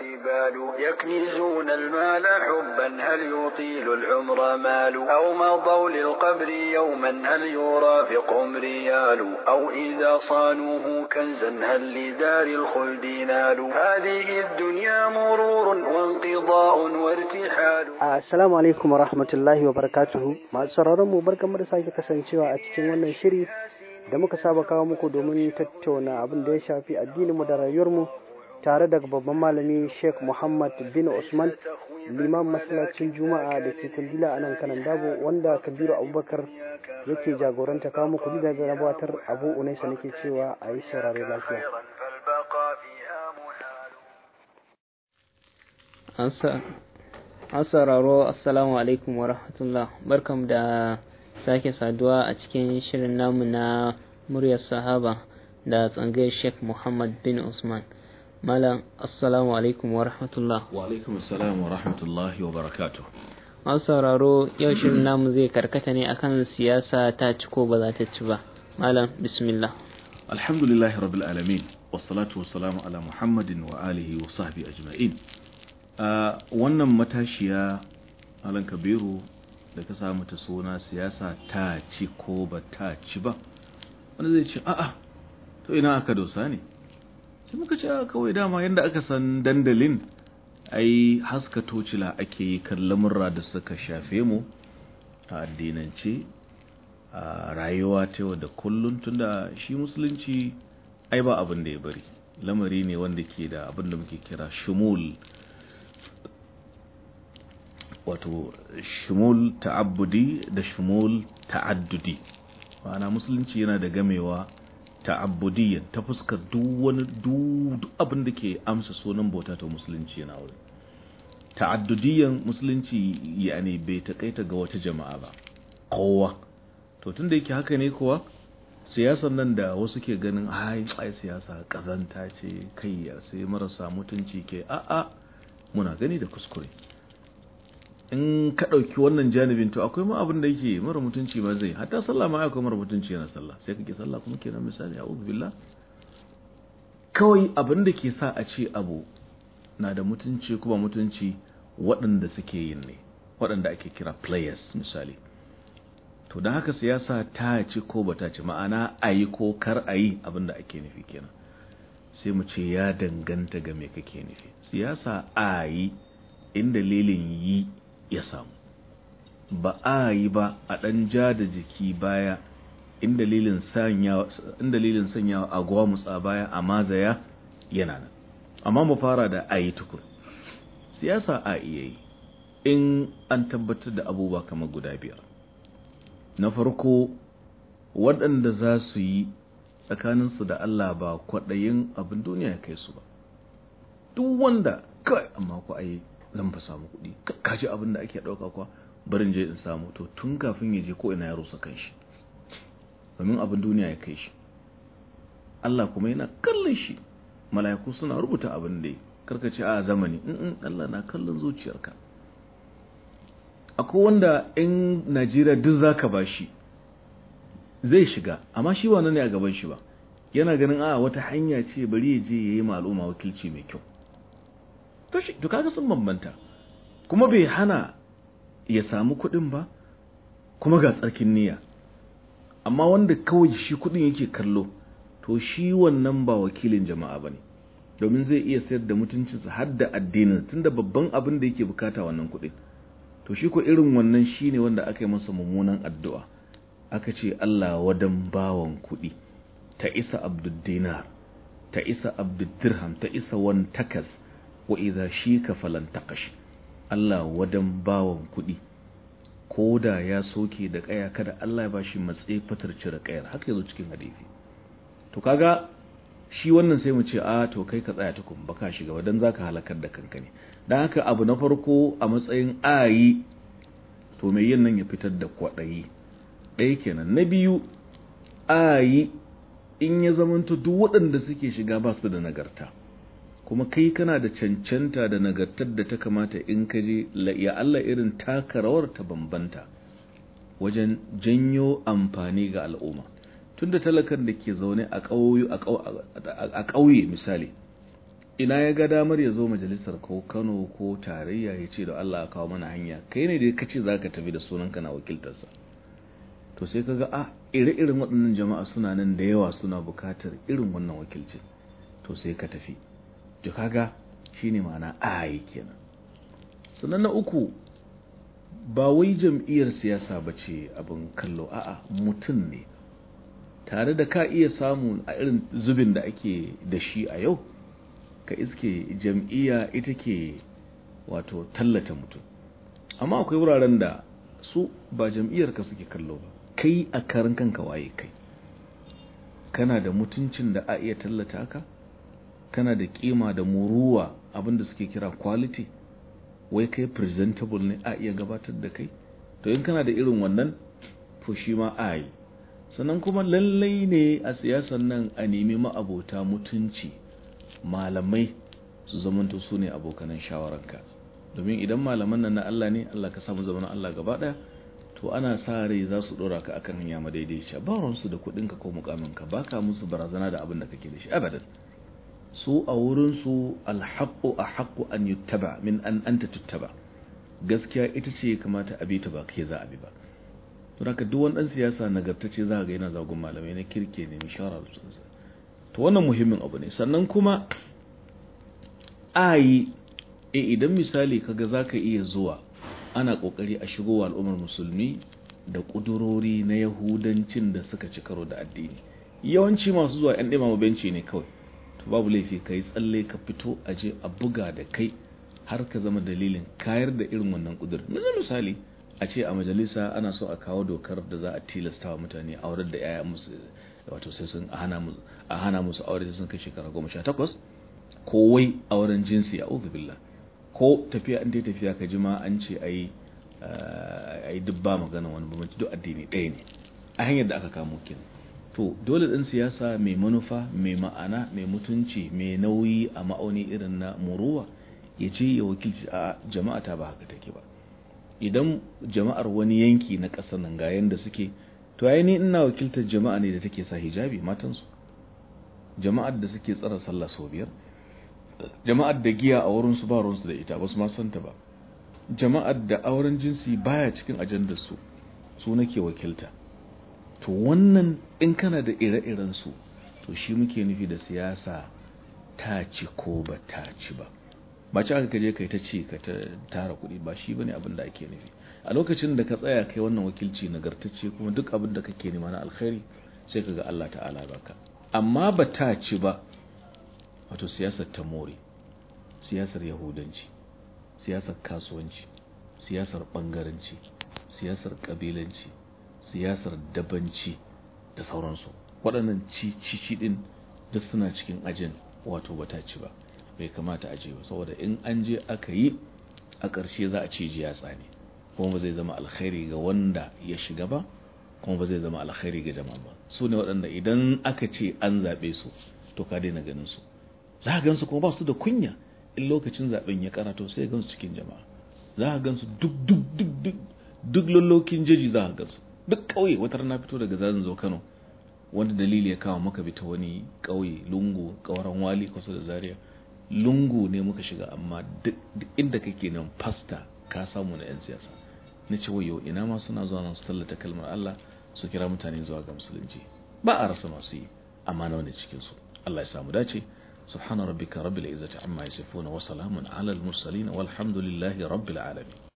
الجبال يكنزون المال حبا هل يطيل العمر مال أو مضوا للقبر يوما هل يرافقهم ريال أو إذا صانوه كنزا هل لدار الخلد نال هذه الدنيا مرور وانقضاء وارتحال السلام عليكم ورحمة الله وبركاته ما سرر مبارك مرساك kasancewa a cikin wannan shiri da muka saba kawo muku domin tattauna abin da ya shafi addininmu da rayuwarmu tare da babban malami Sheikh Muhammad bin Usman liman masallacin Juma'a da ke kundila a nan kanan dabo wanda Kabiru Abubakar yake jagoranta kawo muku da gabatar Abu Unaisa nake cewa a yi lafiya. An sauraro Assalamu alaikum wa rahmatullah barkam da sake saduwa a cikin shirin namu na muryar sahaba da tsangayar Sheikh Muhammad bin Usman. malam assalamu alaikum wa rahmatullah wa alaikum assalam wa rahmatullahi wa barakatuh masu sauraro yau shirin namu zai karkata ne akan siyasa ta ci ko ba za ta ci ba malam bismillah alhamdulillahi rabbil alamin wa salamu ala muhammadin wa alihi wa a ajma'in wannan matashiya alan kabiru da ka samu ta suna siyasa ta ci ko ba ta ci ba wanda zai ce a'a to ina aka dosa ne sai muka ce kawai dama yadda aka san dandalin ai haska tocila ake yi kan lamurra da suka shafe mu a addinance a rayuwa ta yau da kullum tunda shi musulunci ai ba abin da ya bari lamari ne wanda ke da abin da muke kira shumul wato shumul ta'abudi da shumul ta'addudi ma'ana musulunci yana da gamewa ta'abbudiyya ta fuskar duk wani abin da ke amsa sunan bauta ta musulunci yana wurin ta'addudiyyan musulunci yani bai takaita ga wata jama'a ba kowa to tunda yake haka ne kowa siyasar nan da wasu ke ganin ai ai siyasa kazanta ce kai sai marasa mutunci ke a'a muna gani da kuskure in ka ɗauki wannan janibin to akwai ma abin da yake mara mutunci ma zai hatta sallah ma akwai mara mutunci yana sallah sai kake sallah kuma kenan misali a billah kawai abin da ke sa a ce abu na da mutunci kuma mutunci waɗanda suke yin ne waɗanda ake kira players misali to don haka siyasa ta ci ko ba ta ci ma'ana a yi ko kar a yi abin da ake nufi kenan sai mu ce ya danganta ga me kake nufi siyasa a yi in dalilin yi ya samu ba a yi ba a ɗan ja da jiki baya in dalilin sanyawa a mutsa baya a mazaya yana nan amma mu fara da a yi tukur siyasa a iya yi in an tabbatar da abubuwa kamar guda biyar na farko waɗanda za su yi tsakaninsu da Allah ba kwaɗayin abin duniya ya kai su ba duk wanda kai amma ku ayi zan fa samu kuɗi ka ji abin da ake ɗauka kuwa barin je in samu to tun kafin ya je ko ina ya rusa shi. domin abin duniya ya kai shi Allah kuma yana kallon shi mala'iku suna rubuta abin da karka ce a zamani in Allah na kallon zuciyarka akwai wanda in Najeriya duk zaka bashi zai shiga amma shi wannan ne a gaban shi ba yana ganin a wata hanya ce bari ya je yayi ma al'umma wakilci mai kyau to shi to kaga sun bambanta kuma bai hana ya samu kuɗin ba kuma ga tsarkin niyya amma wanda kawai shi kuɗin yake kallo to shi wannan ba wakilin jama'a bane domin zai iya sayar da mutuncinsa har da addinin tunda babban abin da yake bukata wannan kuɗin to shi ko irin wannan shine wanda aka yi masa mummunan addu'a aka ce Allah wadan bawan kuɗi ta isa abdul dinar ta isa abdul dirham ta isa wan takas wa shi ka falan kashi. Allah wadan bawan kuɗi ko da ya soke da kaya kada Allah ya bashi matsayi fatar cire kayar haka yazo cikin hadisi to kaga shi wannan sai mu ce a to kai ka tsaya tukun baka shiga ba dan zaka halakar da kanka ne dan haka abu na farko a matsayin ayi to me yin nan ya fitar da kwaɗayi ɗaya kenan na biyu ayi in ya zamanta duk waɗanda suke shiga ba su da nagarta kuma kai kana da cancanta da nagartar da ta kamata in ka je ya Allah irin taka rawar ta bambanta wajen janyo amfani ga al'umma tunda talakan da ke zaune a ƙauye a ƙauye misali ina ya ga damar ya zo majalisar ko Kano ko tarayya ya ce da Allah ya kawo mana hanya kai ne da kace zaka tafi da sunanka na wakiltarsa to sai kaga a ah, ire-iren waɗannan jama'a suna nan da yawa suna bukatar irin wannan wakilci to sai ka tafi to kaga shine ma'ana ayi kenan sannan na uku ba wai jam'iyyar siyasa ba ce abin kallo a'a mutum ne tare da ka iya samu a irin zubin da ake da shi a yau ka iske jam'iyya ita ke wato tallata mutum amma akwai wuraren da su ba jam'iyyar ka suke kallo ba kai a karan kanka waye kai kana da mutuncin da a iya tallata ka kana da kima da muruwa abin da suke kira quality wai kai presentable ne a iya gabatar da kai to in kana da irin wannan to shi ma a yi sannan kuma lallai ne a siyasan nan a nemi ma'abota mutunci malamai su zamanto su ne abokanan shawaranka domin idan malaman nan na Allah ne Allah ka samu zaman Allah gaba daya to ana sa rai za su dora ka akan hanya madaidaiciya ba su da ka ko mukamin ba ka musu barazana da abin da kake da shi abadan su a wurinsu alhaƙo a haƙo an yuttaba min an anta tuttaba gaskiya ita ce kamata a bi ta ba ke za a bi ba to haka duk wani ɗan siyasa nagartacce za a ga yana zagon malamai na kirke ne mishara da sunsa to wannan muhimmin abu ne sannan kuma a yi e idan misali kaga za ka iya zuwa ana ƙoƙari a shigo wa al'ummar musulmi da ƙudurori na yahudancin da suka ci karo da addini yawanci masu zuwa 'yan ɗimama benci ne kawai to babu laifi ka yi tsalle ka fito a je a buga da kai har ka zama dalilin kayar da irin wannan kudur na misali a ce a majalisa ana so a kawo dokar da za a tilasta wa mutane aurar da yaya musu wato sai sun a hana musu aure sun kai shekara goma sha takwas ko wai auren jinsi a billah ko tafiya an dai tafiya ka jima an ce a yi dubba magana wani bambanci duk addini ɗaya ne a hanyar da aka kamo kenan to dole ɗan siyasa mai manufa mai ma'ana mai mutunci mai nauyi a ma'auni irin na muruwa ya ce ya wakilci a jama'a ta ba haka take ba idan jama'ar wani yanki na ƙasa nan ga yanda suke to ai ni ina wakiltar jama'a ne da take sa hijabi matansu jama'ar da suke tsara sallah sau biyar jama'ar da giya a wurin su ba ruwansu da ita ba su ma santa ba jama'ar da auren jinsi baya cikin ajandar su su nake wakilta to wannan in kana da ire-iren su to shi muke nufi da siyasa ta ci ko ba ta ci ba ba ci aka kaje kai ta ci ka tara kuɗi ba shi bane abin da ake nufi a lokacin da ka tsaya kai wannan wakilci nagartacce kuma duk abin da kake nema na alkhairi sai ka ga Allah ta'ala baka amma ba ta ci ba wato siyasar ta more siyasar yahudanci siyasar kasuwanci siyasar bangaranci siyasar kabilanci siyasar dabanci da sauransu waɗannan cici ɗin duk suna cikin ajin wato ta ci ba bai kamata a je ba saboda in an je aka yi a ƙarshe za a ce ji ya ne kuma ba zai zama alkhairi ga wanda ya shiga ba kuma ba zai zama alkhairi ga jama'a ba su ne waɗanda idan aka ce an zaɓe su to ka daina ganin su za ka gansu kuma ba su da kunya in lokacin zaɓen ya karato sai gansu cikin jama'a za ka gansu duk duk duk duk duk lallokin jeji za ka gansu duk ƙauye wata rana fito daga zan zo kano wanda dalili ya kawo muka bi ta wani ƙauye lungu ƙauren wali kusa da zaria lungu ne muka shiga amma duk inda kake nan fasta ka samu na 'yan siyasa na ce wayo ina ma suna zuwa nan su tallata kalmar Allah su kira mutane zuwa ga musulunci ba a rasa masu yi amma na wani cikin su Allah ya samu dace subhana rabbika rabbil izzati amma yasifun wa salamun alal mursalin walhamdulillahi rabbil alamin